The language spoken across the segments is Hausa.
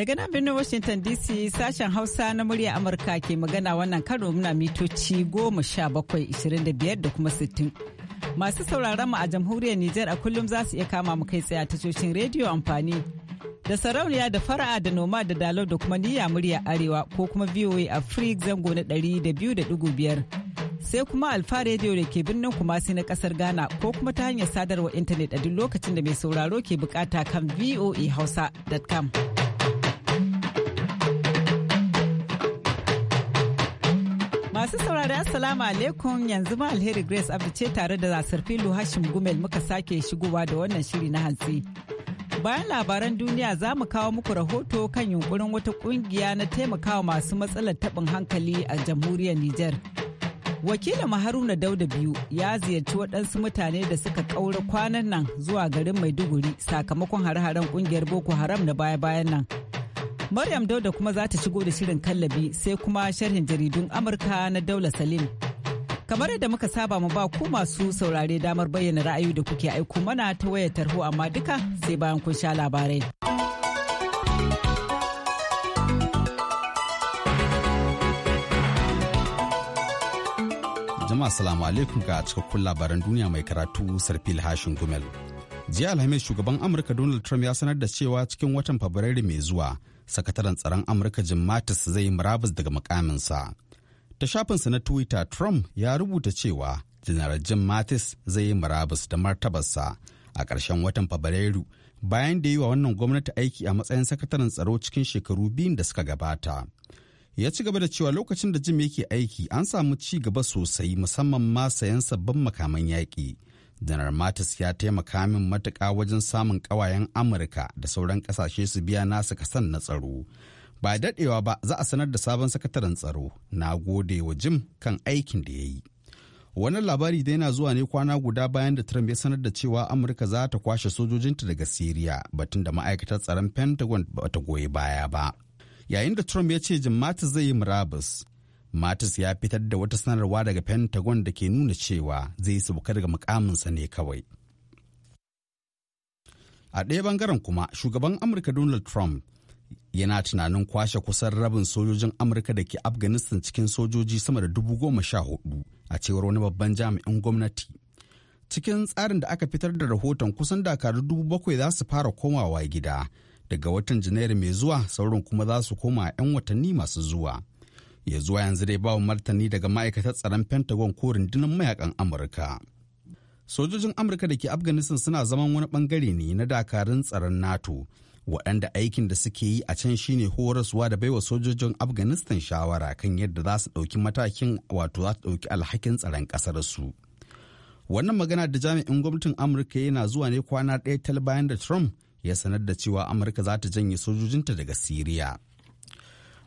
Daga nan birnin Washington DC sashen Hausa na murya Amurka ke magana wannan karo muna mitoci goma sha bakwai da kuma sittin. Masu sauraron mu a jamhuriyar Nijar a kullum za su iya kama mu kai tsaye tashoshin rediyo amfani da sarauniya da fara'a da noma da dalau da kuma niyya murya arewa ko kuma VOA afirik zango na ɗari da biyu da dugu biyar. Sai kuma Alfa rediyo da ke birnin Kumasi na kasar Ghana ko kuma ta hanyar sadarwa intanet a duk lokacin da mai sauraro ke bukata kan voahausa.com. Masu saurari Assalamu alaikum yanzu ma alheri Grace Abdu ce tare da zasar filu Hashim Gumel muka sake shigowa da wannan shiri na hantsi. Bayan labaran duniya za mu kawo muku rahoto kan yunkurin wata kungiya na taimakawa masu matsalar taɓin hankali a jamhuriyar Nijar. Wakilin Haruna Dauda biyu ya ziyarci waɗansu mutane da suka ƙaura kwanan nan zuwa garin Maiduguri sakamakon hare-haren ƙungiyar Boko Haram na baya-bayan nan. Maryam Dauda kuma za ta shigo da shirin kallabi sai kuma sharhin jaridun Amurka na Daula Salim. Kamar yadda muka saba mu ba ku masu saurare damar bayyana ra'ayi da kuke aiko mana ta wayar tarho amma duka sai bayan kun sha labarai. Jama'a salamu alaikum ga cikakkun labaran duniya mai karatu Sarfil Hashin Gumel. Jiya Alhamis shugaban Amurka Donald Trump ya sanar da cewa cikin watan Fabrairu mai zuwa sakataren tsaron amurka jim mattis zai yi murabus daga mukaminsa ta shafinsa na twitter trump ya rubuta cewa janar jim mattis zai yi murabus da martabarsa a ƙarshen watan fabrairu bayan da yi wa wannan gwamnati aiki a matsayin sakataren tsaro cikin shekaru biyun da suka gabata ya ci gaba da cewa lokacin da jim yake aiki an samu ci gaba sosai musamman ma sayan sabbin makaman yaƙi janar matis ya taimaka min matuka wajen samun ƙawayen amurka da sauran ƙasashe su biya nasu kasan na tsaro ba daɗewa ba za a sanar da sabon sakataren tsaro na gode wa jim kan aikin da ya yi wannan labari dai yana zuwa ne kwana guda bayan da trump ya sanar da cewa amurka za ta kwashe sojojinta daga siriya batun da ma'aikatar tsaron pentagon ba ta goyi baya ba yayin da trump ya ce jim matis zai yi murabus Matis ya fitar da wata sanarwa daga Pentagon da ke nuna cewa zai sauka daga mukaminsa ne kawai. A ɗaya bangaren kuma, shugaban Amurka Donald Trump yana tunanin kwashe kusan rabin sojojin Amurka da ke Afghanistan cikin sojoji sama da dubu goma sha hudu a cewar wani babban jami'in gwamnati. Cikin tsarin da aka fitar da rahoton kusan dakaru dubu bakwai za su fara komawa gida daga watan Janairu mai zuwa sauran kuma za su koma 'yan watanni masu zuwa. ya zuwa yanzu dai bawa martani daga ma'aikatar tsaron pentagon ko rundunar mayakan amurka sojojin amurka da ke afghanistan suna zaman wani bangare ne na dakarun tsaron nato waɗanda aikin da suke yi a can shine horaswa da baiwa sojojin afghanistan shawara kan yadda za su ɗauki matakin wato za su ɗauki alhakin tsaron ƙasar su wannan magana da jami'in gwamnatin amurka yana zuwa ne kwana ɗaya tal bayan da trump ya sanar da cewa amurka za ta janye sojojinta daga siriya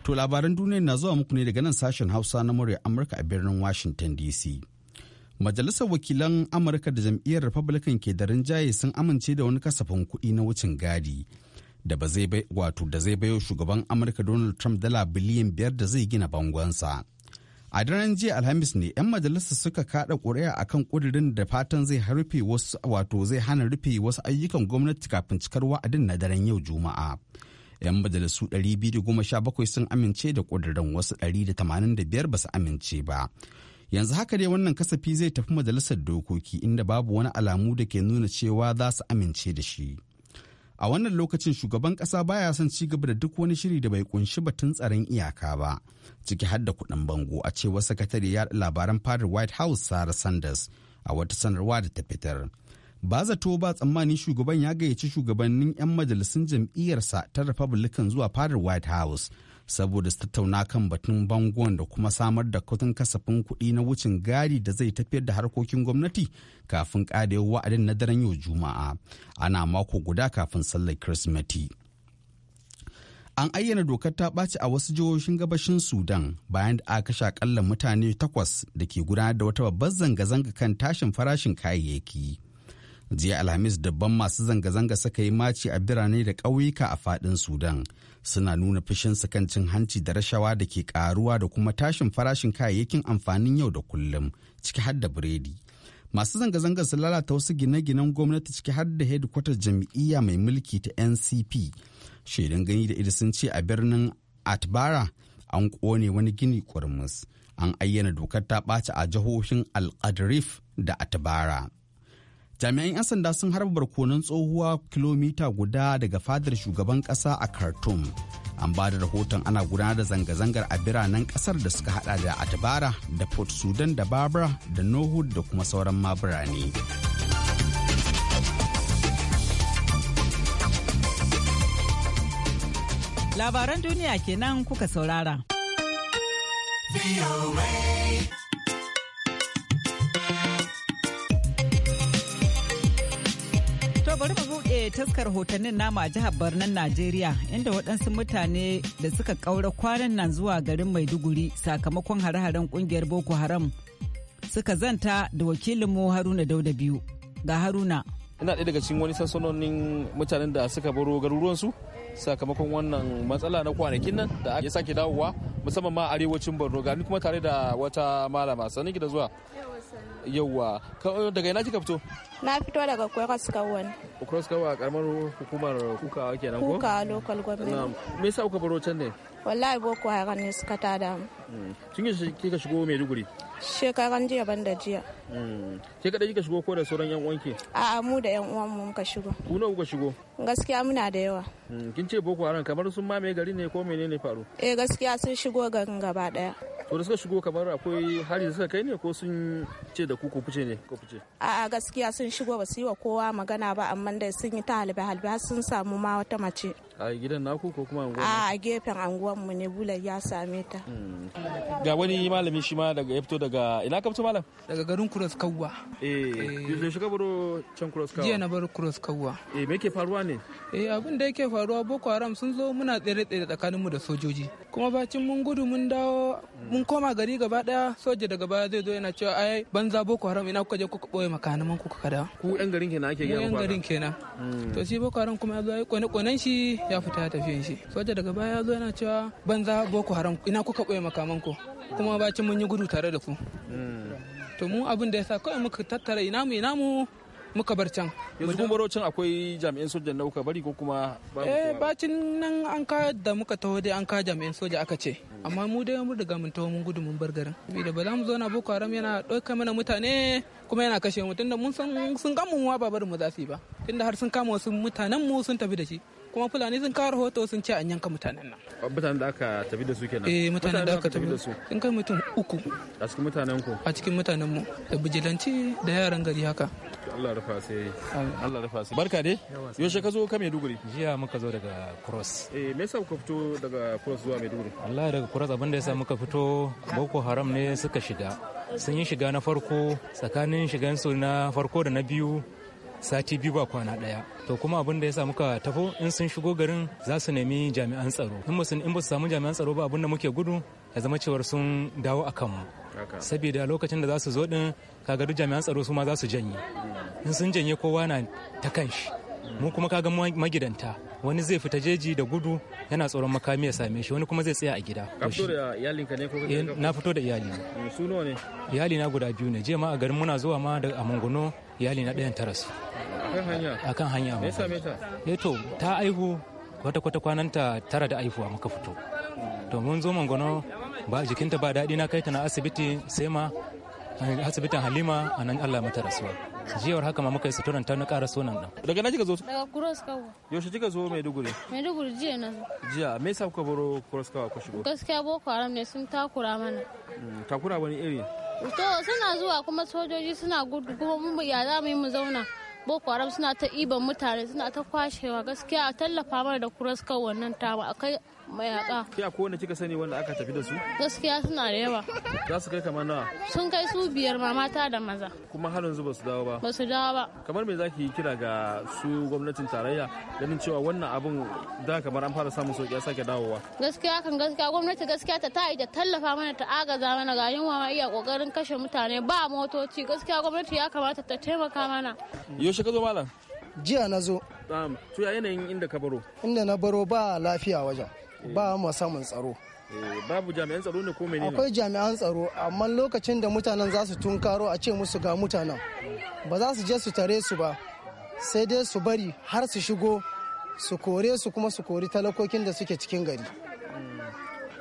To labaran duniya na zuwa muku ne daga nan sashen Hausa na murya Amurka a birnin Washington DC. Majalisar wakilan Amurka da jam'iyyar Republican ke da rinjaye sun amince da wani kasafin kuɗi na wucin gadi da ba zai wato da zai bayo shugaban Amurka Donald Trump dala biliyan biyar da zai gina bangonsa. A daren jiya Alhamis ne 'yan majalisar suka kada ƙuri'a akan ƙudurin da fatan zai rufe wasu wato zai hana rufe wasu ayyukan gwamnati kafin cikar wa'adin na daren yau Juma'a. 'yan majalisu 217 sun amince da ƙudurin wasu 185 ba su amince ba yanzu haka dai wannan kasafi zai tafi majalisar dokoki inda babu wani alamu da ke nuna cewa za su amince da shi a wannan lokacin shugaban kasa baya son ci gaba da duk wani shiri da bai kunshi batun tsaron iyaka ba ciki har da kuɗin bango a cewa sakatare ya labaran fadar white house sarah sanders a wata sanarwa da ta fitar ba zato ba tsammani shugaban ya gayyaci shugabannin 'yan majalisun jam'iyyarsa ta republican zuwa fadar white house saboda su tattauna kan batun bangon da kuma samar da kudin kasafin kuɗi na wucin gadi da zai tafiyar da harkokin gwamnati kafin ƙarewa wa'adin na daren yau juma'a ana mako guda kafin sallar kirsimeti an ayyana dokar ta ɓaci a wasu jihohin gabashin sudan bayan da aka kashe akalla mutane takwas da ke gudanar da wata babbar zanga-zanga kan tashin farashin kayayyaki jiya alhamis dabban masu zanga-zanga suka yi maci a birane da ƙauyuka a faɗin sudan suna nuna fushinsu kan cin hanci da rashawa da ke ƙaruwa da kuma tashin farashin kayayyakin amfanin yau da kullum ciki har da biredi masu zanga-zanga sun lalata wasu gine-ginen gwamnati ciki har da hedkwatar jam'iyya mai mulki ta ncp shaidan gani da ido sun ce a birnin atbara an ƙone wani gini kurmus an ayyana dokar ta ɓaci a jihohin al da atbara jami'an 'yan sanda sun harba barkonon tsohuwa kilomita guda daga fadar shugaban kasa a khartoum an ba da rahoton ana gudanar da zanga-zangar a biranen kasar da suka hada da atbara da port sudan da barbara da nohud da kuma sauran ma birane labaran duniya kenan kuka saurara. To bari mu buɗe taskar hotannin nama a jihar Barnan Najeriya inda waɗansu mutane da suka ƙaura kwanan nan zuwa garin Maiduguri sakamakon hare-haren ƙungiyar Boko Haram suka zanta da wakilinmu Haruna Dauda biyu. Ga Haruna. Ina ɗaya daga cikin wani sansanonin mutanen da suka baro garuruwansu sakamakon wannan matsala na kwanakin nan da ya sake dawowa musamman ma arewacin Borno ni kuma tare da wata malama sanin gida zuwa. yauwa daga ina kika fito na fito daga kwaras kawon kwaras kawon a karamar hukumar kukawa kenan ko kukawa local government me yasa kuka baro can ne wallahi boko haram ne suka ta da kin yi kika shigo maiduguri shekaran jiya ban da jiya hmm. ke kada kika shigo ko da sauran yan uwanki a'a mu da yan uwan mu muka shigo ku nawa kuka shigo gaskiya muna da yawa hmm. kin ce boko haram kamar sun mamaye gari ne ko menene faru eh gaskiya sun shigo garin gaba daya wanda suka shigo kamar akwai hari da suka kai ne ko sun ce da ku fice ne ko fice a'a gaskiya sun shigo ba su yi wa kowa magana ba amma dai sun yi ta halbe halbe sun samu ma wata mace a gidan naku ko kuma anguwa a gefen anguwan mu ne bulan ya same ta hmm. ga wani malami shi ma daga yafto daga ina ka fito malam daga garin cross kawwa eh, eh. yanzu shiga baro can cross kawwa jiya na bar cross kawwa eh me ke faruwa ne eh abin da yake faruwa boko haram sun zo muna tsere tsere tsakanin mu da sojoji kuma bacin mun gudu mun dawo mun koma gari gaba daya soja daga baya zai zo yana cewa ai banza boko haram ina kuka je kuka boye makanaman kuka kada ku yan garin kenan ake gaya yan garin kenan hmm. to shi boko haram kuma ya zo ya kone konen shi ya fita ya tafiyan shi soja daga baya ya zo yana cewa banza boko haram ina kuka ɓoye makaman ku kuma bacin mun yi gudu tare da ku to mu abin da ya sa kawai muka tattara ina mu ina mu muka bar can yanzu kuma barocin akwai jami'an sojan na kuka bari ko kuma eh bacin nan an ka da muka taho dai an ka jami'an soja aka ce amma mu dai mun riga mun taho mun gudu mun bar garin saboda ba za mu zo na boko haram yana ɗauka mana mutane kuma yana kashe mu tunda mun san sun gamu mu ba barin mu za su yi ba tunda har sun kama wasu mutanen mu sun tafi da shi kuma fulani sun kawo rahoto sun ce an yanka mutanen nan mutanen da aka tafi da su kenan eh mutanen da aka tafi da su sun kai mutum uku a cikin mutanen ku a cikin mutanen mu da bijilanci da yaran gari haka Allah rufa sai Allah rufa sai barka dai yaushe ka zo ka Maiduguri jiya muka zo daga Cross eh me yasa kuka fito daga Cross zuwa Maiduguri Allah daga Cross abinda yasa muka fito Boko Haram ne suka shiga sun yi shiga na farko tsakanin shigansu na farko da na biyu sati biyu ba kwana ɗaya to kuma abin da ya sa muka tafo in sun shigo garin za su nemi jami'an tsaro in ba su samu jami'an tsaro ba abin da muke gudu ya zama cewar sun dawo a kanmu saboda lokacin da za su zo din kaga duk jami'an tsaro su ma za su janye in sun janye kowa na ta kanshi mu kuma kaga magidanta wani zai fita jeji da gudu yana tsoron makami ya same shi wani kuma zai tsaya a gida ka fito da ka ne ko eh, na fito da iyali eh, su ne iyali na guda biyu ne jiya ma a garin muna zuwa ma da amangono iyali na ɗayan tarasu akan hanya me yasa eh to ta aihu wata kwata kwananta tara da aihuwa muka fito to mun zo mangono ba jikinta ba daɗi na kai ta na asibiti sai ma asibitin halima a nan allah mata rasuwa jiyar haka ma muka yi suturan ta na ƙara so nan daga na kika zo daga cross kawo yaushe kika zo maiduguri maiduguri jiya na zo jiya me yasa kuka baro cross kawo ku shigo gaskiya boko haram ne sun takura mana hmm, takura wani iri to suna zuwa kuma sojoji suna gudu kuma mu ya za mu yi mu zauna boko haram suna ta iban mutane suna ta kwashewa gaskiya a tallafa mana da kuraskar wannan tama mayaka kiya ko wani kika sani wanda aka tafi da su gaskiya suna da yawa za su kai kamar nawa sun kai su biyar ma mata da maza kuma har yanzu ba su dawo ba ba su dawo ba kamar me zaki kira ga su gwamnatin tarayya ganin cewa wannan abun da kamar an fara samun sauki ya sake dawowa gaskiya kan gaskiya gwamnati gaskiya ta yi da tallafa mana ta agaza mana ga yunwa ma iya kokarin kashe mutane ba motoci gaskiya gwamnati ya kamata ta taimaka mana yaushe ka zo malam jiya na zo to ya yanayin inda ka baro inda na baro ba lafiya wajen ba mu samun tsaro eh, babu jami'an tsaro ne ko menene akwai jami'an tsaro amma lokacin da mutanen za su tunkaro a ce musu ga mutanen ba za su je su tare su ba sai dai su bari har su shigo su kore su kuma su kori talakokin da suke cikin gari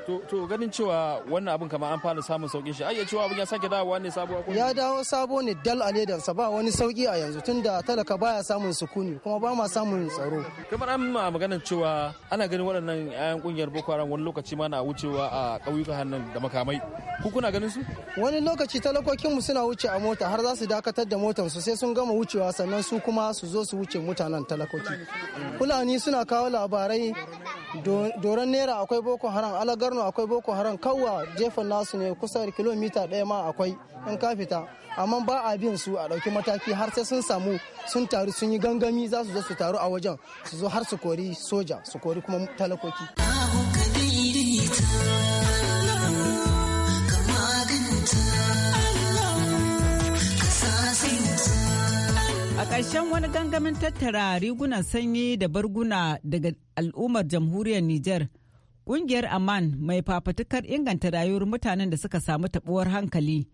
to ganin cewa wannan abin kamar an fara samun saukin shi ayyace cewa abin ya sake dawowa ne sabuwa ko ya dawo sabo ne dal a ledansa ba wani sauki a yanzu tunda talaka baya samun sukuni kuma ba ma samun tsaro kamar an ma maganar cewa ana ganin waɗannan ayan kungiyar boko haram wani lokaci ma na wucewa a ƙauyuka hannun da makamai ku kuna ganin su wani lokaci talakokinmu suna wuce a mota har za su dakatar da motar su sai sun gama wucewa sannan su kuma su zo su wuce mutanen talakoki fulani suna kawo labarai doron nera akwai boko haram alagarno akwai boko haram kawwa jefan nasu ne kusa kilomita ɗaya ma akwai in ka fita amma ba a bin su a ɗauki mataki har sai sun samu sun taru sun yi gangami za su zo su taru a wajen su zo har su kori soja su kori kuma talakoki. ƙarshen wani gangamin tattara rigunan sanyi da barguna daga al'ummar jamhuriyar Nijar, ƙungiyar Aman mai fafatukar inganta rayuwar mutanen da suka samu taɓuwar hankali.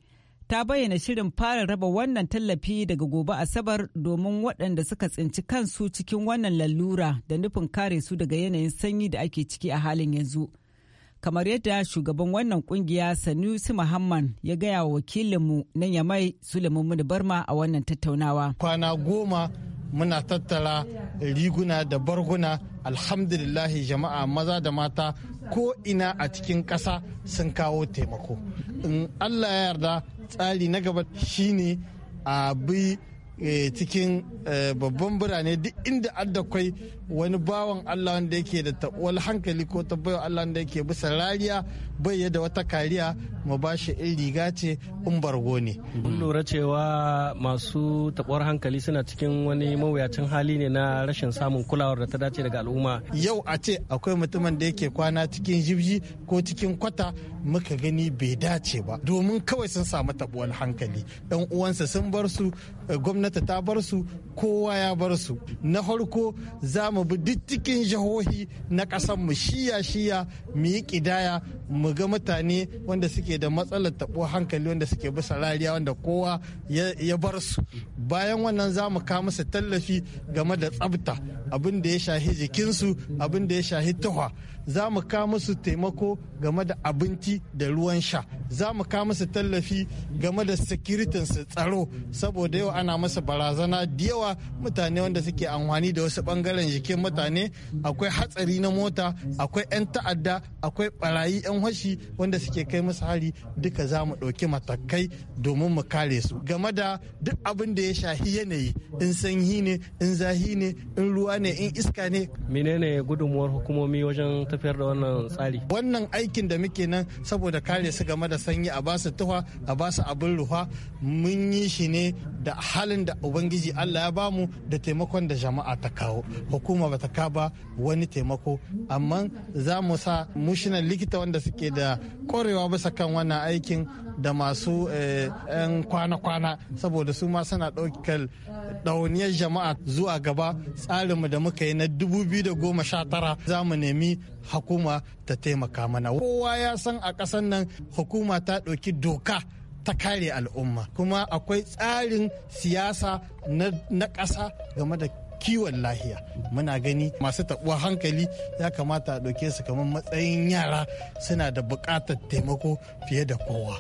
Ta bayyana shirin fara raba wannan tallafi daga gobe Asabar domin waɗanda suka tsinci kansu cikin wannan lalura da nufin kare su daga yanayin sanyi da ake ciki a halin yanzu. kamar yadda shugaban wannan kungiya sanusi muhammad ya gaya wa wakilinmu na yamai suleiman barma a wannan tattaunawa kwana goma muna tattara riguna da barguna alhamdulillahi jama'a maza da mata ko ina a cikin ƙasa sun kawo taimako in allah ya yarda tsari na gaba shine a bi Eh, cikin eh, babban birane duk inda adda kwai wani bawan Allah wanda yake da taɓuwar hankali ko tabbayar Allah wanda yake bisa rariya bai yadda wata kariya mu ba shi in riga ce in bargo ne. Mun lura cewa masu taɓuwar hankali suna cikin wani mawuyacin hali ne na rashin samun kulawar da ta dace daga al'umma. Yau a ce akwai mutumin da yake kwana cikin jibji ko cikin kwata muka gani bai dace ba domin kawai sun samu taɓuwar hankali. ɗan uwansa sun bar su eh, gwamnati gwamnati ta bar su kowa ya bar su na farko za mu bi duk jihohi na ƙasar mu shiya shiya mu yi ƙidaya mu ga mutane wanda suke da matsalar tabo hankali wanda suke bisa rariya wanda kowa ya bar su bayan wannan za mu kawo musu tallafi game da tsabta abin da ya shahi jikinsu abin da ya shahi tuhwa za mu kawo musu taimako game da abinci da ruwan sha za mu kawo musu tallafi game da su tsaro saboda yau ana masa barazana da yawa mutane wanda suke amfani da wasu bangaren jikin mutane akwai hatsari na mota akwai 'yan ta'adda akwai barayi 'yan 'yan washi wanda suke kai musu hari duka za mu ɗauki matakai domin mu kare su game da duk abin da ya shahi yanayi in sanyi ne in zahi ne in ruwa ne in iska ne menene gudunmuwar hukumomi wajen tafiyar da wannan tsari wannan aikin da muke nan saboda kare su game da sanyi a basu tuha a basu abin ruwa mun yi shi ne da halin da ubangiji allah ya bamu da taimakon da jama'a ta kawo hukuma bata ka ba wani taimako amma za mu sa mushinan likita wanda suke da korewa bisa kan wannan aikin da masu eh, 'yan kwana-kwana saboda su ma suna ɗaukar ɗauniyar jama'a zuwa gaba tsarinmu da muka yi na 2019 za mu nemi hukuma ta taimaka mana kowa ya san a ƙasar nan hukuma ta ɗauki doka ta kare al'umma kuma akwai tsarin siyasa na ƙasa game da kiwon lahiya muna gani masu taɓuwa hankali ya kamata a ɗauke su kamar matsayin yara suna da buƙatar taimako fiye da kowa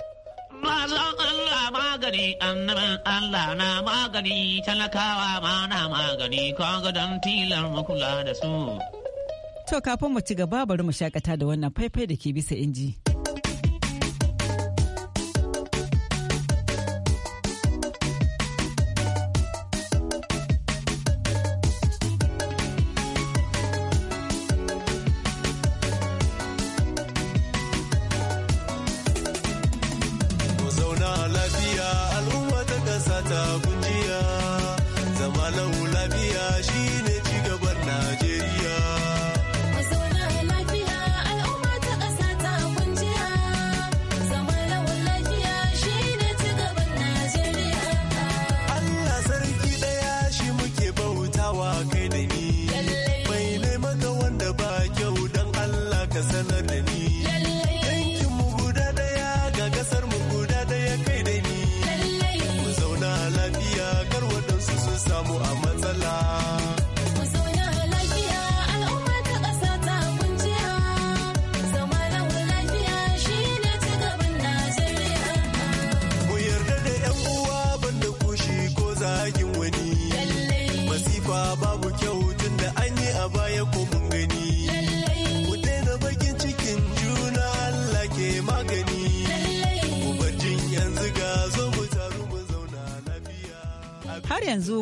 Mazan Allah magani, annabin Allah na magani, talakawa ma na magani, kwa don tilar makula da su. To kafin mu ci gaba bari mu shakata da wannan faifai da ke bisa inji. mu a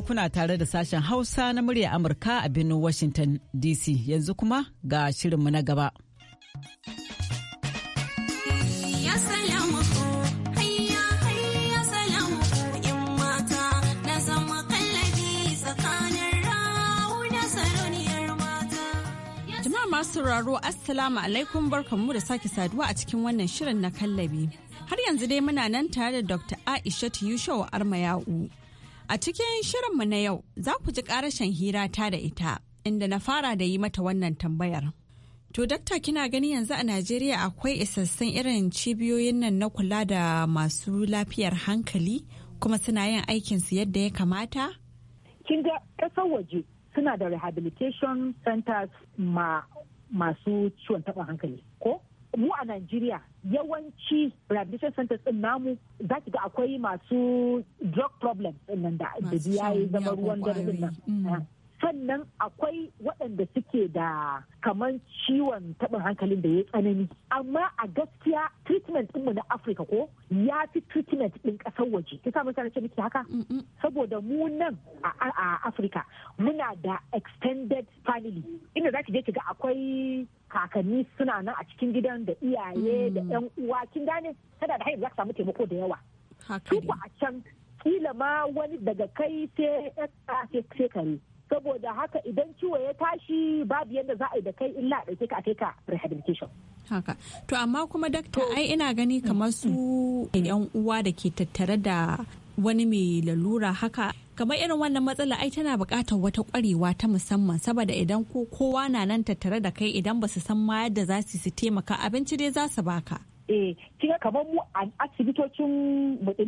kuna tare da sashen Hausa na murya Amurka a birnin Washington DC yanzu kuma ga shirinmu na gaba. masu sauraro assalamu alaikum barkanmu da sake saduwa a cikin wannan shirin na kallabi har yanzu dai muna nan tare da dr aisha yushau armayau A cikin shirinmu na yau za ku ji ƙarashin hira ta da ita inda na fara da yi mata wannan tambayar. To dakta kina gani yanzu a Najeriya akwai isassun irin cibiyoyin nan na kula da masu lafiyar hankali kuma suna yin aikinsu yadda ya kamata? Kin ga ƙasar waje suna da rehabilitation centers ma masu ciwon taɓa hankali ko? mu a Najeriya yawanci rehabilitation centers din namu za ki ga akwai masu drug problems din nan da da ya zama ruwan dare din nan sannan akwai waɗanda suke da kamar ciwon taɓin hankalin da ya tsanani amma a gaskiya treatment ɗinmu na afirka ko ya fi treatment ɗin ƙasar waje kisa samun sanar muke haka saboda mu nan a afirka muna da extended family inda za ki je ki ga akwai kakanni suna nan a cikin gidan da iyaye mm. da yan uwa kin gane kada da haihu za ka samu taimako da yawa a can kila ma wani daga kai sai sai kare saboda haka idan ciwo ya tashi babu yadda za a yi da kai illa ɗauke ka a kai ka rehabilitation haka to amma kuma dakta ai ina gani kamar su yan uwa da ke tattare da wani mai lalura haka kamar irin wannan matsala ai tana buƙatar wata ƙwarewa ta musamman saboda idan ko kowa na nan tattare da kai idan ba su san ma yadda za su su taimaka abinci dai za su baka eh kika kamar mu a asibitocin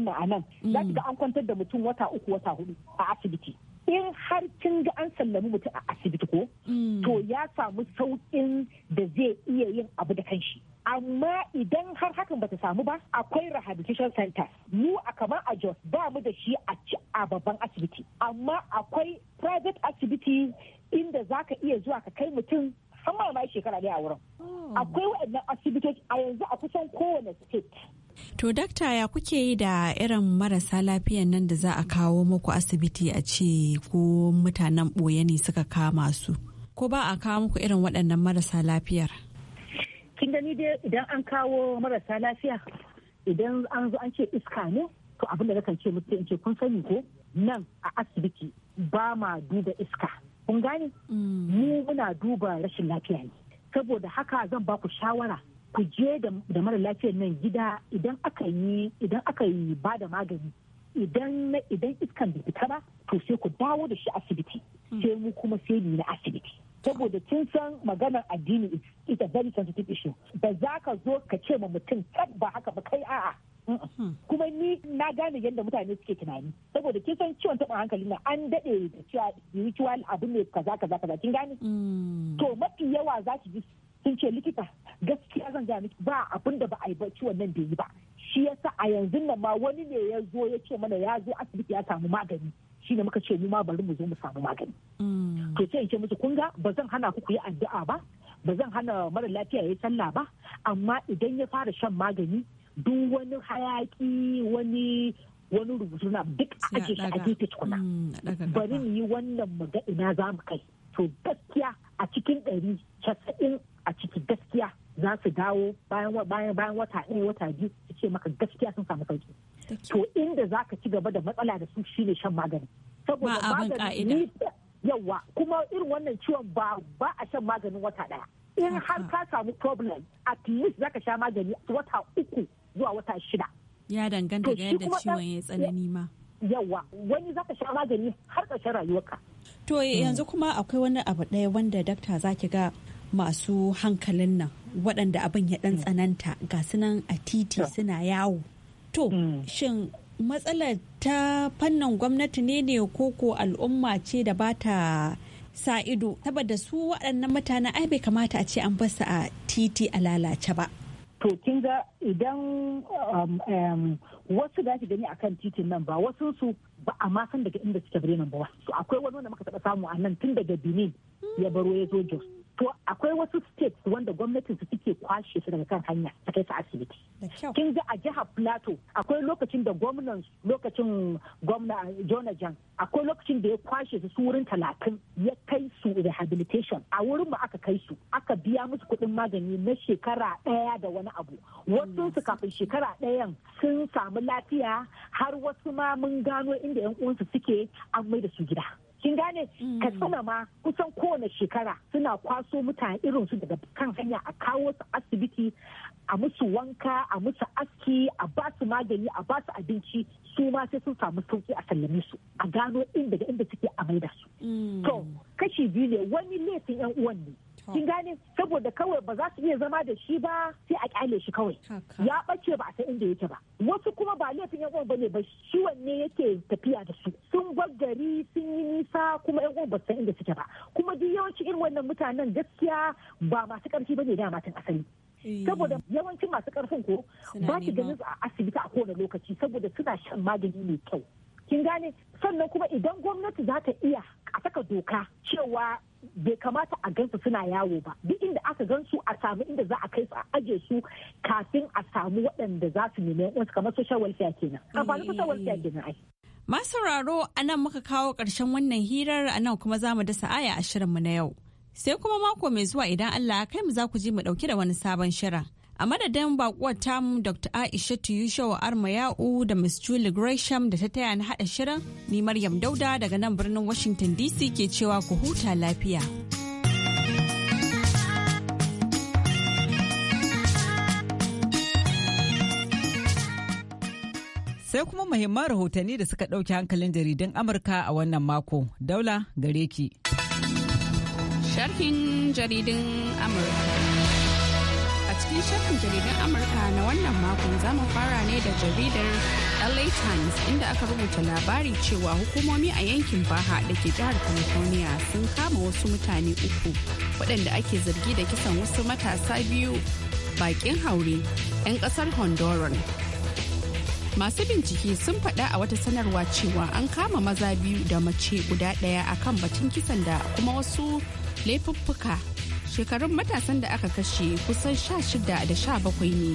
mu a za an kwantar da mutum wata uku wata hudu a asibiti in har kin ga an sallami mutum a asibiti ko mm. to ya samu sauƙin da zai iya yin abu da kanshi amma idan har hakan bata samu ba akwai rehabilitation centers mu a kamar a jos ba mu da shi a a babban asibiti amma akwai private asibiti inda za ka iya zuwa ka kai mutum amma ma shekara ne a wurin oh. akwai waɗannan asibitoci a yanzu a kusan kowane state To dakta ya kuke yi da irin marasa lafiyan nan da za a kawo muku asibiti a ce ko mutanen ɓoye ne suka kama su? Ko ba a kawo muku irin waɗannan marasa lafiyar? Kin gani dai idan an kawo marasa lafiya idan an zo an ce iska ne to abin da nakan ce musu in ce kun sani ko nan a asibiti ba ma duba iska. Kun gane? Mm. Mu muna duba rashin lafiya ne. Saboda haka zan ba ku shawara ku je da mara lafiyar nan gida idan aka yi idan aka yi ba da magani idan idan iskan bai fita ba to sai ku dawo da shi asibiti mm. sai mu kuma sai mu na asibiti saboda kin san maganar addini ita very sensitive issue ba za ka zo ka ce ma mutum tab ba haka ba kai a'a kuma ni na gane yadda mutane suke tunani saboda kin san ciwon taɓa hankali na an daɗe da cewa ritual abu ne kaza kaza kaza kin gane mm. to mafi yawa za ki ji sun ce likita gaskiya zan ga miki ba abin da ba a yi ba ciwon nan bai yi ba shi yasa a yanzu nan ma wani ne ya zo ya ce mana ya zo asibiti ya samu magani shi ne muka ce mu ma bari mu zo mu samu magani mm. to sai in ce musu kunga ga ba zan hana ku yi addu'a ba ba zan hana mara lafiya ya sallah ba amma idan ya fara shan magani duk wani hayaki wani wani rubutu na duk ake shi a gefe tukuna mm, bari mu yi wannan mu ga ina za mu kai to gaskiya a cikin ɗari casa'in a ciki gaskiya za su dawo bayan bayan wata ɗaya wata biyu su ce maka gaskiya sun samu sauki to inda za ka ci gaba da matsala da su shine shan magani saboda magani yawa kuma irin wannan ciwon ba ba a shan maganin wata ɗaya in har ka samu problem at least za ka sha magani wata uku zuwa wata shida ya danganta ga yadda ciwon ya tsanani ma yawa wani za ka sha magani har ƙarshen rayuwarka to yanzu mm. kuma akwai wani abu ɗaya wanda dakta za ki ga masu hankalin nan waɗanda abin ya ɗan mm. tsananta ga sunan a titi suna yawo to mm. shin matsalar ta fannin gwamnati ne ne koko al'umma ce da ba ta sa ido saboda su waɗannan mutanen ai bai kamata a ce an basu a titi a lalace ba to kin ga idan um, um, wasu da gani a kan titin nan ba wasu su ba a makon daga inda suke birenin ba akwai wani wanda muka taɓa samu a nan tun daga benin ya baro ya zo jos to akwai wasu states wanda gwamnatin su suke kwashe su daga kan hanya a kai su asibiti kin ga a jihar plateau akwai lokacin da gwamnan lokacin gwamna jonajan akwai lokacin da ya kwashe su su wurin talatin ya kai su rehabilitation a wurin mu aka kai su aka biya musu kuɗin magani na shekara ɗaya da wani abu wasu su kafin shekara ɗayan sun samu lafiya har wasu ma mun gano inda yan uwansu suke an mai da su gida kin gane mm. katsina ma kusan kowane shekara suna kwaso mutane irin su daga kan hanya a kawo su asibiti a musu wanka a musu aski a ba su magani a ba su abinci su ma sai sun samu sauki a sallame su a gano inda da inda suke a da su mm. to kashi biyu ne wani laifin yan uwan ne kin gane saboda kawai ba za su iya zama da shi ba sai a kyale shi kawai ya bace ba a san inda yake ba wasu kuma ba laifin yan uwan bane ba shi wanne yake tafiya da su sun bar sun yi nisa kuma yan uwan ba san inda suke ba kuma duk yawancin irin wannan mutanen gaskiya ba masu karfi ne da matan asali eh. saboda yawancin masu karfin ko ba su ganin a asibiti a kowane lokaci saboda suna shan magani mai kyau kin gane sannan kuma idan gwamnati za ta iya a saka doka cewa bai kamata a gansu suna yawo ba duk inda aka gansu a samu inda za a kai su a ajiye su kafin a samu waɗanda za su nemi wasu kamar social welfare kenan mm. amfani social welfare kenan ai raro a nan muka kawo ƙarshen wannan hirar a nan kuma za mu dasa aya a shirin mu na yau. Sai kuma mako mai zuwa idan Allah ya kai mu za ku ji mu ɗauki da wani sabon shirin. a madadin bakuwar tamu dr aisha tuyushawa armayau da miss julie gresham da ta taya na hada shirin ni maryam dauda daga nan birnin washington dc ke cewa ku huta lafiya sai kuma muhimman rahotanni da suka ɗauki hankalin jaridun amurka a wannan mako daula gare ki sharhin jaridun amurka shafin jaridar Amurka na wannan makon zamu fara ne da jaridar LA Times inda aka rubuta labari cewa hukumomi a yankin Baha da ke jihar California sun kama wasu mutane uku waɗanda ake zargi da kisan wasu matasa biyu bakin haure 'yan ƙasar Honduran. masu bincike sun faɗa a wata sanarwa cewa an kama maza biyu da mace guda ɗaya akan batun kisan da kuma wasu laifuffuka shekarun matasan da aka kashe kusan sha shida da sha bakwai ne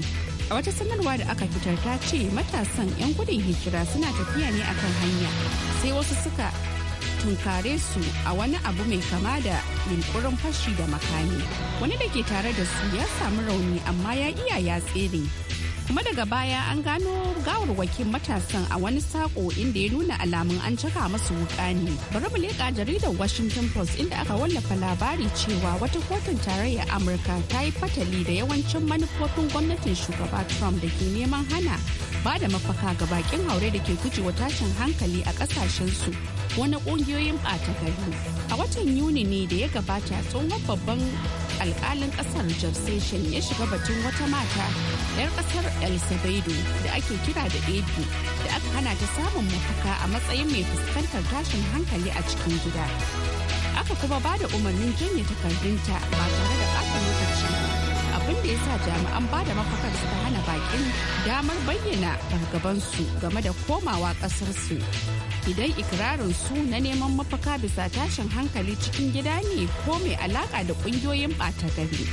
a wata sanarwa da aka fitar ta ce matasan 'yan gudun hijira suna tafiya ne akan hanya sai wasu suka tunkare su a wani abu mai kama da yunkurin fashi da makami wani da ke tare da su ya samu rauni amma ya iya ya tsere kuma daga baya an gano gawar wakil matasan a wani sako inda ya nuna alamun an caka masu wuka ne bari mu leƙa jaridar washington post inda aka wallafa labari cewa wata kotun tarayyar amurka ta yi fatali da yawancin manufofin gwamnatin shugaba trump da ke neman hana ba da mafaka ga bakin haure da ke gujewa tashin hankali a su wani kungiyoyin ɓata gari a watan yuni ne da ya gabata tsohon babban alkalin kasar jeff ya shiga batun wata mata 'yar kasar el sabaido da ake kira da ab da aka hana ta samun mafaka a matsayin mai fuskantar tashin hankali a cikin gida aka kuma ba da umarnin janye takardunta ba tare da ɓata lokaci ba da ya sa jami'an ba da mafakar suka hana bakin damar bayyana fargabansu game da komawa ƙasarsu idan ikirarin su na neman mafaka bisa tashin hankali cikin gida ne ko mai alaka da kungiyoyin ɓata gari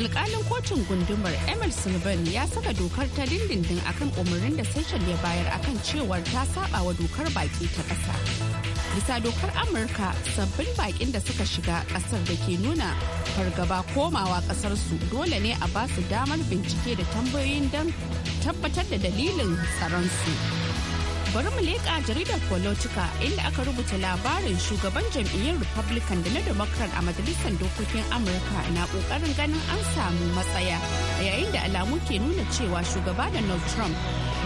alkalin kotun gundumar emir sullivan ya saka dokar ta dindindin akan umarnin da seychelles ya bayar akan cewar ta saba wa dokar baki ta ƙasa bisa dokar amurka sabbin bakin da suka shiga kasar da ke nuna fargaba komawa kasar su dole ne a basu damar bincike da tambayoyin don tabbatar da dalilin tsaron su bari mu leƙa jaridar politica inda aka rubuta labarin shugaban jam'iyyar Republican da na Democrat a majalisar dokokin Amurka na ƙoƙarin ganin an samu matsaya a yayin da alamu ke nuna cewa shugaba Donald Trump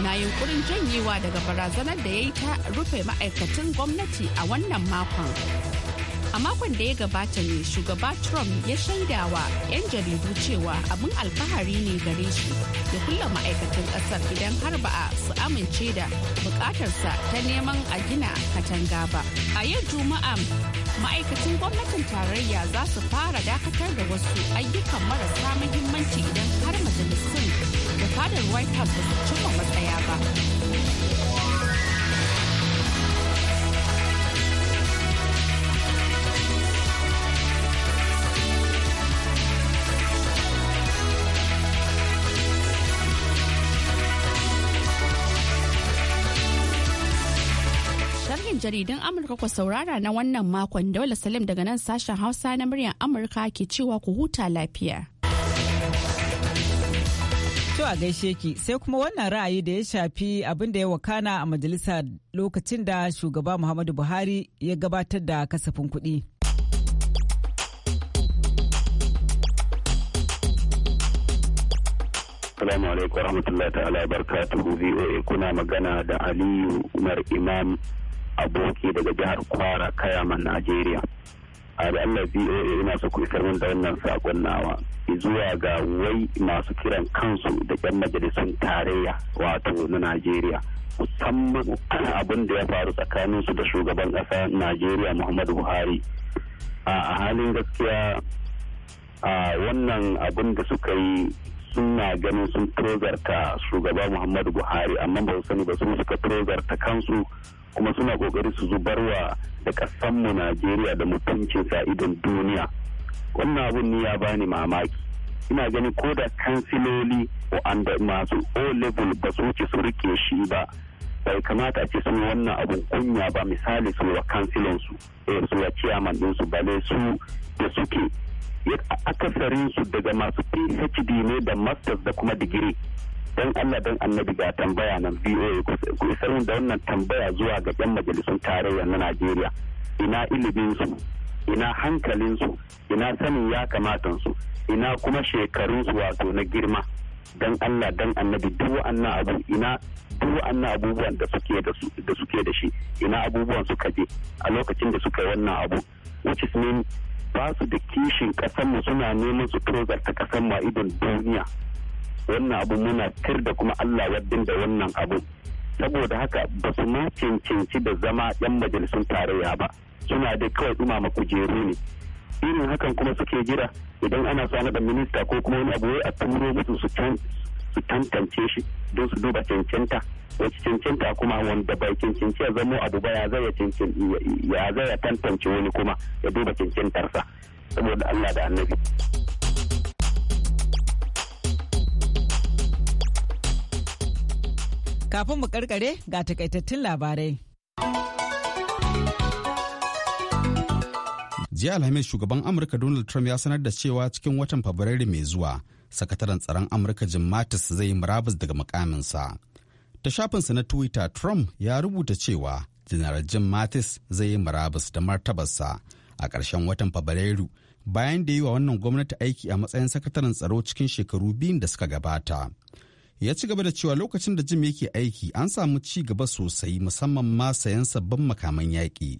na yunkurin janyewa daga barazanar da ya yi ta rufe ma'aikatan gwamnati a wannan makon. A makon da ya gabata ne shugaba Trump ya shaidawa 'yan jaridu cewa abin alfahari ne gare shi da kulla ma'aikatan kasar idan har ba a su amince da bukatarsa ta neman a gina katanga ba. A yau Juma'a ma'aikatan gwamnatin tarayya za su fara dakatar da wasu ayyukan marasa muhimmanci idan har majalisun da fadar White House ba su cimma matsaya ba. jaridun Amurka ku saurara na wannan makon daular Salim daga nan sashen Hausa na muryar Amurka ke cewa ku huta lafiya. To a gaishe ki sai kuma wannan ra'ayi da ya shafi abin da ya wakana a majalisa lokacin da shugaba Muhammadu Buhari ya gabatar da kasafin kuɗi. Salamu alaikum warahmatullahi ta'ala barkatuhu VOA eh, kuna magana da Aliyu Umar Imam aboki daga jihar kwara kayama najeriya a da allah voa ina so ku min da wannan sakon nawa zuwa ga wai masu kiran kansu da yan majalisun tarayya wato na najeriya musamman abin da ya faru tsakanin su da shugaban ƙasa najeriya muhammadu buhari a halin gaskiya a wannan abin da suka yi suna ganin sun tozarta shugaba muhammadu buhari amma ba su sani ba su suka tozarta kansu kuma suna kokari su zubarwa da kasanmu najeriya da mutuncin sa idan duniya wannan abun ne ya bani mamaki ina gani ko da kansiloli wa'anda masu o level ba su ci su rike shi ba bai kamata a ce sun wannan abun kunya ba misali su wa kansilon su eh su wa ciyaman din su bale su da suke akasarin su daga masu phd ne da masters da kuma digiri don Allah don annabi ga tambaya nan VOA ku da wannan tambaya zuwa ga 'yan majalisun tarayya na Najeriya ina iliminsu ina hankalinsu ina sanin ya su ina kuma shekarunsu wato na girma don Allah don annabi duk wa'annan abu ina duk abubuwan da suke da suke da shi ina abubuwan su kaje a lokacin da suka wannan abu which is mean ba su da kishin kasanmu suna neman su tozarta kasan ma idon duniya wannan abu muna tir da kuma Allah yaddin da wannan abu saboda haka ba su ma cancanci da zama yan majalisun tarayya ba suna da kawai dumama kujeru ne irin hakan kuma suke jira idan ana so da minista ko kuma wani abu a turo musu su su tantance shi don su duba cancanta wacce cancanta kuma wanda bai cancanci ya zamo abu ba ya zai ya tantance wani kuma ya duba cancantarsa saboda Allah da annabi Kafin mu karkare ga takaitattun labarai. Jiya Alhamis shugaban Amurka Donald Trump ya sanar da cewa cikin watan Fabrairu mai zuwa, sakataren tsaron Amurka Jim Mattis zai yi murabus daga mukaminsa. Ta shafinsa na Twitter, Trump ya rubuta cewa General Jim Mattis zai yi murabus da martabarsa a ƙarshen watan Fabrairu bayan da yi wa wannan gwamnati aiki a matsayin sakataren tsaro cikin shekaru biyun da suka gabata. ya ci gaba da cewa lokacin da jim yake aiki an samu ci gaba sosai musamman ma sayan sabbin makaman yaƙi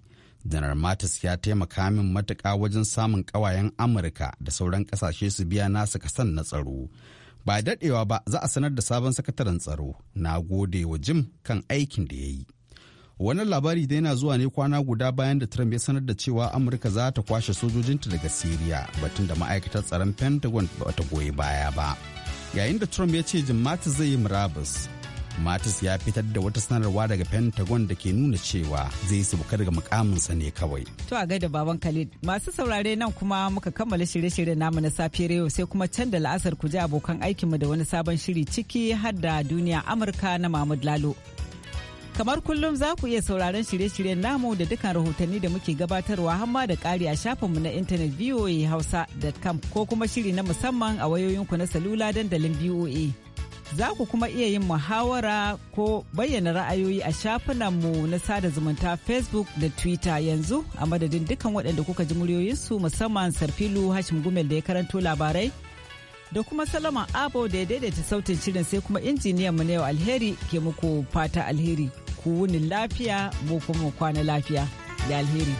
janar matis ya taimaka min matuka wajen samun ƙawayen amurka da sauran ƙasashe su biya nasu kasan na tsaro ba daɗewa ba za a sanar da sabon sakataren tsaro na gode wa jim kan aikin da ya yi wannan labari da yana zuwa ne kwana guda bayan da trump ya sanar da cewa amurka za ta kwashe sojojinta daga siriya batun da ma'aikatar tsaron pentagon ba ta goyi baya ba yayin da trump ya ce jim mattis zai yi murabus mattis ya fitar da wata sanarwa daga pentagon da ke nuna cewa zai sauka daga mukaminsa ne kawai to a gaida baban khalid masu saurare nan kuma muka kammala shirye-shiryen namu na safiyar yau sai kuma can da la'asar ku je abokan aikinmu da wani sabon shiri ciki har da duniya amurka na mahmud lalo Kamar kullum za ku iya sauraron shirye-shiryen namu da dukkan rahotanni da muke gabatarwa hamma da ƙari a shafinmu na intanet VOA Hausa.com ko kuma shiri na musamman a wayoyinku na salula dandalin VOA. Za ku kuma iya yin muhawara ko bayyana ra'ayoyi a shafinanmu na sada zumunta Facebook da Twitter yanzu a madadin dukkan waɗanda kuka ji muryoyinsu musamman Sarfilu Hashim Gumel da ya karanto labarai. da kuma Salama Abo da ya daidaita sautin shirin sai kuma injiniyan mu na yau alheri ke muku fata alheri. ku wuni lafiya mu kuma kwana lafiya da alheri.